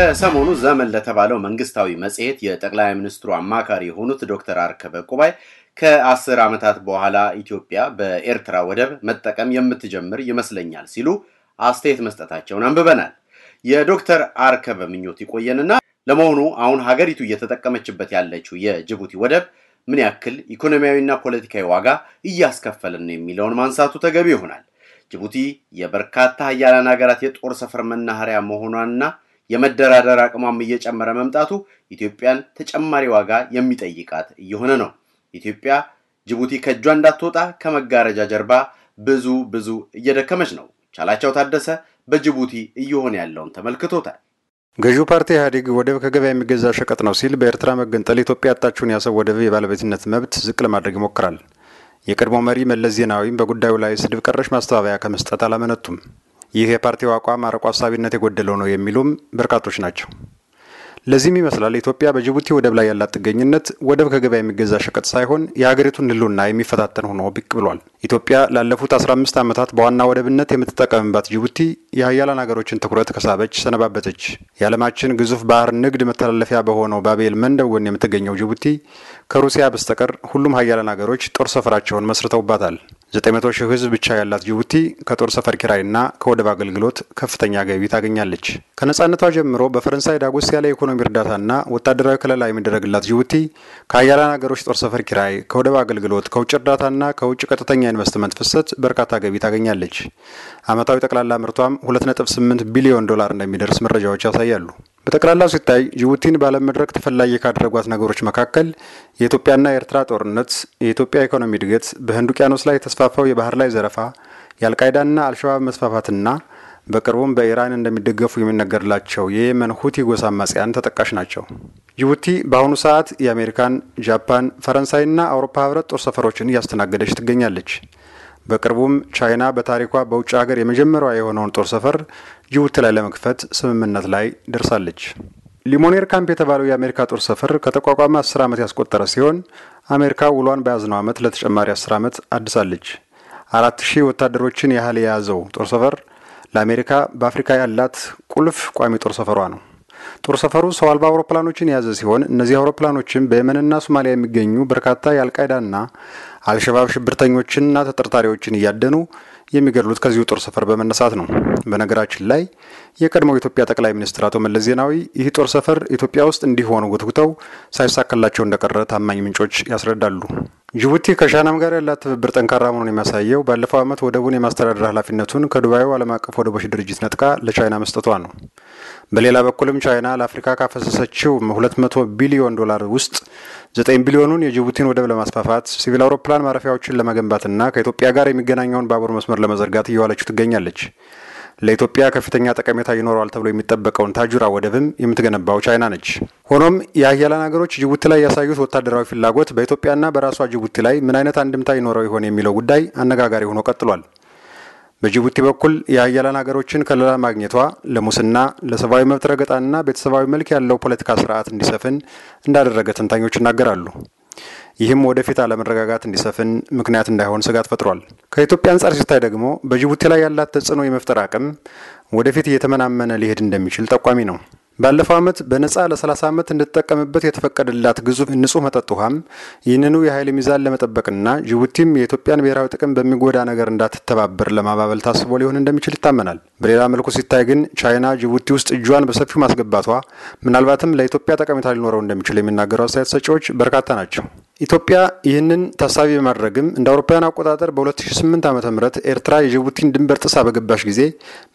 ከሰሞኑ ዘመን ለተባለው መንግስታዊ መጽሔት የጠቅላይ ሚኒስትሩ አማካሪ የሆኑት ዶክተር አርከበ ቁባይ ከአስር ዓመታት በኋላ ኢትዮጵያ በኤርትራ ወደብ መጠቀም የምትጀምር ይመስለኛል ሲሉ አስተያየት መስጠታቸውን አንብበናል። የዶክተር አርከበ ምኞት ይቆየንና ለመሆኑ አሁን ሀገሪቱ እየተጠቀመችበት ያለችው የጅቡቲ ወደብ ምን ያክል ኢኮኖሚያዊና ፖለቲካዊ ዋጋ እያስከፈለን ነው የሚለውን ማንሳቱ ተገቢ ይሆናል። ጅቡቲ የበርካታ ሀያላን ሀገራት የጦር ሰፈር መናኸሪያ መሆኗንና የመደራደር አቅሟም እየጨመረ መምጣቱ ኢትዮጵያን ተጨማሪ ዋጋ የሚጠይቃት እየሆነ ነው። ኢትዮጵያ ጅቡቲ ከእጇ እንዳትወጣ ከመጋረጃ ጀርባ ብዙ ብዙ እየደከመች ነው። ቻላቸው ታደሰ በጅቡቲ እየሆነ ያለውን ተመልክቶታል። ገዢው ፓርቲ ኢህአዴግ ወደብ ከገበያ የሚገዛ ሸቀጥ ነው ሲል በኤርትራ መገንጠል ኢትዮጵያ ያጣችውን የአሰብ ወደብ የባለቤትነት መብት ዝቅ ለማድረግ ይሞክራል። የቀድሞ መሪ መለስ ዜናዊም በጉዳዩ ላይ ስድብ ቀረሽ ማስተባበያ ከመስጠት አላመነቱም። ይህ የፓርቲው አቋም አርቆ አሳቢነት የጎደለው ነው የሚሉም በርካቶች ናቸው። ለዚህም ይመስላል ኢትዮጵያ በጅቡቲ ወደብ ላይ ያላት ጥገኝነት ወደብ ከገበያ የሚገዛ ሸቀጥ ሳይሆን የሀገሪቱን ልሉና የሚፈታተን ሆኖ ብቅ ብሏል። ኢትዮጵያ ላለፉት 15 ዓመታት በዋና ወደብነት የምትጠቀምባት ጅቡቲ የሀያላን ሀገሮችን ትኩረት ከሳበች ሰነባበተች። የዓለማችን ግዙፍ ባህር ንግድ መተላለፊያ በሆነው ባቤል መንደብ ጎን የምትገኘው ጅቡቲ ከሩሲያ በስተቀር ሁሉም ሀያላን ሀገሮች ጦር ሰፈራቸውን መስርተውባታል። 900 ሺህ ህዝብ ብቻ ያላት ጅቡቲ ከጦር ሰፈር ኪራይና ከወደብ አገልግሎት ከፍተኛ ገቢ ታገኛለች። ከነጻነቷ ጀምሮ በፈረንሳይ ዳጎስ ያለ ኢኮኖሚ የኢኮኖሚ እርዳታና ወታደራዊ ከለላ የሚደረግላት ጅቡቲ ከአያላን ሀገሮች ጦር ሰፈር ኪራይ፣ ከወደብ አገልግሎት፣ ከውጭ እርዳታና ከውጭ ቀጥተኛ ኢንቨስትመንት ፍሰት በርካታ ገቢ ታገኛለች። አመታዊ ጠቅላላ ምርቷም 2.8 ቢሊዮን ዶላር እንደሚደርስ መረጃዎች ያሳያሉ። በጠቅላላው ሲታይ ጅቡቲን በዓለም መድረክ ተፈላጊ ካደረጓት ነገሮች መካከል የኢትዮጵያና የኤርትራ ጦርነት፣ የኢትዮጵያ ኢኮኖሚ እድገት፣ በህንድ ውቅያኖስ ላይ የተስፋፋው የባህር ላይ ዘረፋ፣ የአልቃይዳና አልሸባብ መስፋፋትና በቅርቡም በኢራን እንደሚደገፉ የሚነገርላቸው የየመን ሁቲ ጎሳ አማጽያን ተጠቃሽ ናቸው። ጅቡቲ በአሁኑ ሰዓት የአሜሪካን፣ ጃፓን፣ ፈረንሳይና አውሮፓ ህብረት ጦር ሰፈሮችን እያስተናገደች ትገኛለች። በቅርቡም ቻይና በታሪኳ በውጭ ሀገር የመጀመሪያ የሆነውን ጦር ሰፈር ጅቡቲ ላይ ለመክፈት ስምምነት ላይ ደርሳለች። ሊሞኔር ካምፕ የተባለው የአሜሪካ ጦር ሰፈር ከተቋቋመ 10 ዓመት ያስቆጠረ ሲሆን አሜሪካ ውሏን በያዝነው ዓመት ለተጨማሪ 10 ዓመት አድሳለች። አራት ሺህ ወታደሮችን ያህል የያዘው ጦር ሰፈር ለአሜሪካ በአፍሪካ ያላት ቁልፍ ቋሚ ጦር ሰፈሯ ነው። ጦር ሰፈሩ ሰው አልባ አውሮፕላኖችን የያዘ ሲሆን እነዚህ አውሮፕላኖችም በየመንና ሶማሊያ የሚገኙ በርካታ የአልቃይዳና አልሸባብ ሽብርተኞችንና ተጠርጣሪዎችን እያደኑ የሚገድሉት ከዚሁ ጦር ሰፈር በመነሳት ነው። በነገራችን ላይ የቀድሞው የኢትዮጵያ ጠቅላይ ሚኒስትር አቶ መለስ ዜናዊ ይህ ጦር ሰፈር ኢትዮጵያ ውስጥ እንዲሆኑ ጉትጉተው ሳይሳካላቸው እንደቀረ ታማኝ ምንጮች ያስረዳሉ። ጅቡቲ ከሻናም ጋር ያላት ትብብር ጠንካራ መሆኑን የሚያሳየው ባለፈው ዓመት ወደቡን የማስተዳደር ኃላፊነቱን ከዱባዩ ዓለም አቀፍ ወደቦች ድርጅት ነጥቃ ለቻይና መስጠቷ ነው። በሌላ በኩልም ቻይና ለአፍሪካ ካፈሰሰችው 200 ቢሊዮን ዶላር ውስጥ 9 ቢሊዮኑን የጅቡቲን ወደብ ለማስፋፋት ሲቪል አውሮፕላን ማረፊያዎችን ለመገንባትና ከኢትዮጵያ ጋር የሚገናኘውን ባቡር መስመር ለመዘርጋት እየዋለችው ትገኛለች። ለኢትዮጵያ ከፍተኛ ጠቀሜታ ይኖረዋል ተብሎ የሚጠበቀውን ታጁራ ወደብም የምትገነባው ቻይና ነች። ሆኖም የአያላን ሀገሮች ጅቡቲ ላይ ያሳዩት ወታደራዊ ፍላጎት በኢትዮጵያና በራሷ ጅቡቲ ላይ ምን አይነት አንድምታ ይኖረው ይሆን የሚለው ጉዳይ አነጋጋሪ ሆኖ ቀጥሏል። በጅቡቲ በኩል የአያላን ሀገሮችን ከለላ ማግኘቷ ለሙስና፣ ለሰብአዊ መብት ረገጣና ቤተሰባዊ መልክ ያለው ፖለቲካ ስርዓት እንዲሰፍን እንዳደረገ ተንታኞች ይናገራሉ። ይህም ወደፊት አለመረጋጋት እንዲሰፍን ምክንያት እንዳይሆን ስጋት ፈጥሯል። ከኢትዮጵያ አንጻር ሲታይ ደግሞ በጅቡቲ ላይ ያላት ተጽዕኖ የመፍጠር አቅም ወደፊት እየተመናመነ ሊሄድ እንደሚችል ጠቋሚ ነው። ባለፈው ዓመት በነፃ ለ30 ዓመት እንድትጠቀምበት የተፈቀደላት ግዙፍ ንጹህ መጠጥ ውሃም ይህንኑ የኃይል ሚዛን ለመጠበቅና ጅቡቲም የኢትዮጵያን ብሔራዊ ጥቅም በሚጎዳ ነገር እንዳትተባበር ለማባበል ታስቦ ሊሆን እንደሚችል ይታመናል። በሌላ መልኩ ሲታይ ግን ቻይና ጅቡቲ ውስጥ እጇን በሰፊው ማስገባቷ ምናልባትም ለኢትዮጵያ ጠቀሜታ ሊኖረው እንደሚችል የሚናገሩ አስተያየት ሰጪዎች በርካታ ናቸው። ኢትዮጵያ ይህንን ታሳቢ በማድረግም እንደ አውሮፓውያን አቆጣጠር በ2008 ዓ ም ኤርትራ የጅቡቲን ድንበር ጥሳ በገባች ጊዜ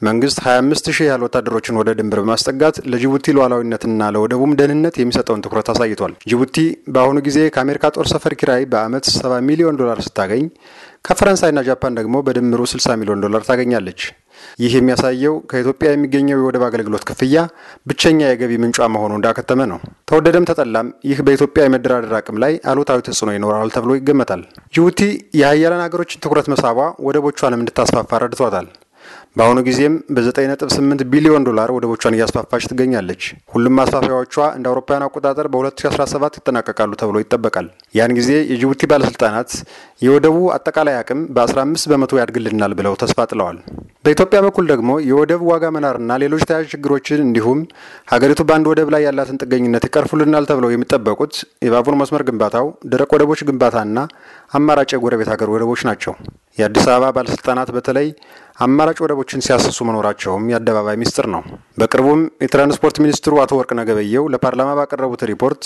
መንግስት 25 ሺህ ያህል ወታደሮችን ወደ ድንበር በማስጠጋት ለጅቡቲ ሉዓላዊነትና ለወደቡም ደህንነት የሚሰጠውን ትኩረት አሳይቷል። ጅቡቲ በአሁኑ ጊዜ ከአሜሪካ ጦር ሰፈር ኪራይ በአመት 70 ሚሊዮን ዶላር ስታገኝ ከፈረንሳይና ጃፓን ደግሞ በድምሩ 60 ሚሊዮን ዶላር ታገኛለች። ይህ የሚያሳየው ከኢትዮጵያ የሚገኘው የወደብ አገልግሎት ክፍያ ብቸኛ የገቢ ምንጯ መሆኑ እንዳከተመ ነው። ተወደደም ተጠላም ይህ በኢትዮጵያ የመደራደር አቅም ላይ አሉታዊ ተጽዕኖ ይኖራል ተብሎ ይገመታል። ጅቡቲ የሀያላን ሀገሮችን ትኩረት መሳቧ ወደቦቿንም እንድታስፋፋ ረድቷታል። በአሁኑ ጊዜም በ9.8 ቢሊዮን ዶላር ወደቦቿን እያስፋፋች ትገኛለች። ሁሉም ማስፋፊያዎቿ እንደ አውሮፓውያን አቆጣጠር በ2017 ይጠናቀቃሉ ተብሎ ይጠበቃል። ያን ጊዜ የጅቡቲ ባለስልጣናት የወደቡ አጠቃላይ አቅም በ15 በመቶ ያድግልናል ብለው ተስፋ ጥለዋል። በኢትዮጵያ በኩል ደግሞ የወደብ ዋጋ መናርና ሌሎች ተያዥ ችግሮችን እንዲሁም ሀገሪቱ በአንድ ወደብ ላይ ያላትን ጥገኝነት ይቀርፉልናል ተብለው የሚጠበቁት የባቡር መስመር ግንባታው፣ ደረቅ ወደቦች ግንባታና አማራጭ የጎረቤት ሀገር ወደቦች ናቸው። የአዲስ አበባ ባለስልጣናት በተለይ አማራጭ ወደቦችን ሲያስሱ መኖራቸውም የአደባባይ ሚስጥር ነው። በቅርቡም የትራንስፖርት ሚኒስትሩ አቶ ወርቅነህ ገበየሁ ለፓርላማ ባቀረቡት ሪፖርት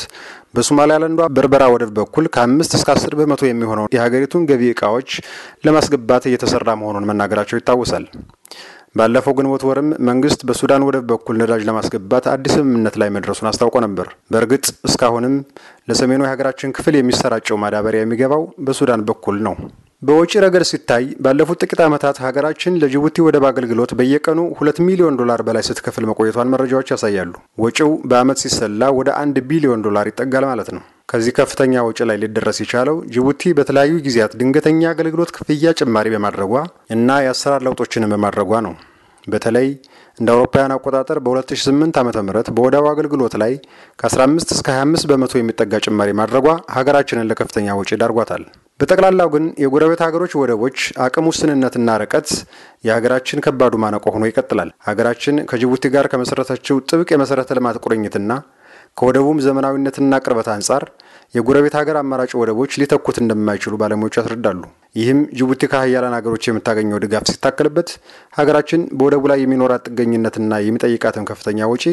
በሶማሊላንዷ በርበራ ወደብ በኩል ከአምስት እስከ አስር በመቶ የሚሆነው የሀገሪቱን ገቢ እቃዎች ለማስገባት እየተሰራ መሆኑን መናገራቸው ይታወሳል። ባለፈው ግንቦት ወርም መንግስት በሱዳን ወደብ በኩል ነዳጅ ለማስገባት አዲስ ስምምነት ላይ መድረሱን አስታውቆ ነበር። በእርግጥ እስካሁንም ለሰሜኑ የሀገራችን ክፍል የሚሰራጨው ማዳበሪያ የሚገባው በሱዳን በኩል ነው። በወጪ ረገድ ሲታይ ባለፉት ጥቂት ዓመታት ሀገራችን ለጅቡቲ ወደብ አገልግሎት በየቀኑ ሁለት ሚሊዮን ዶላር በላይ ስትከፍል መቆየቷን መረጃዎች ያሳያሉ። ወጪው በዓመት ሲሰላ ወደ አንድ ቢሊዮን ዶላር ይጠጋል ማለት ነው። ከዚህ ከፍተኛ ወጪ ላይ ሊደረስ የቻለው ጅቡቲ በተለያዩ ጊዜያት ድንገተኛ አገልግሎት ክፍያ ጭማሪ በማድረጓ እና የአሰራር ለውጦችንም በማድረጓ ነው። በተለይ እንደ አውሮፓውያን አቆጣጠር በ2008 ዓ ም በወደቡ አገልግሎት ላይ ከ15 እስከ 25 በመቶ የሚጠጋ ጭማሪ ማድረጓ ሀገራችንን ለከፍተኛ ወጪ ዳርጓታል። በጠቅላላው ግን የጎረቤት ሀገሮች ወደቦች አቅም ውስንነትና ርቀት የሀገራችን ከባዱ ማነቆ ሆኖ ይቀጥላል። ሀገራችን ከጅቡቲ ጋር ከመሰረተችው ጥብቅ የመሰረተ ልማት ቁርኝትና ከወደቡም ዘመናዊነትና ቅርበት አንጻር የጎረቤት ሀገር አማራጭ ወደቦች ሊተኩት እንደማይችሉ ባለሙያዎች ያስረዳሉ። ይህም ጅቡቲ ከሀያላን ሀገሮች የምታገኘው ድጋፍ ሲታከልበት ሀገራችን በወደቡ ላይ የሚኖራት ጥገኝነትና የሚጠይቃትን ከፍተኛ ወጪ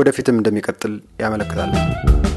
ወደፊትም እንደሚቀጥል ያመለክታል።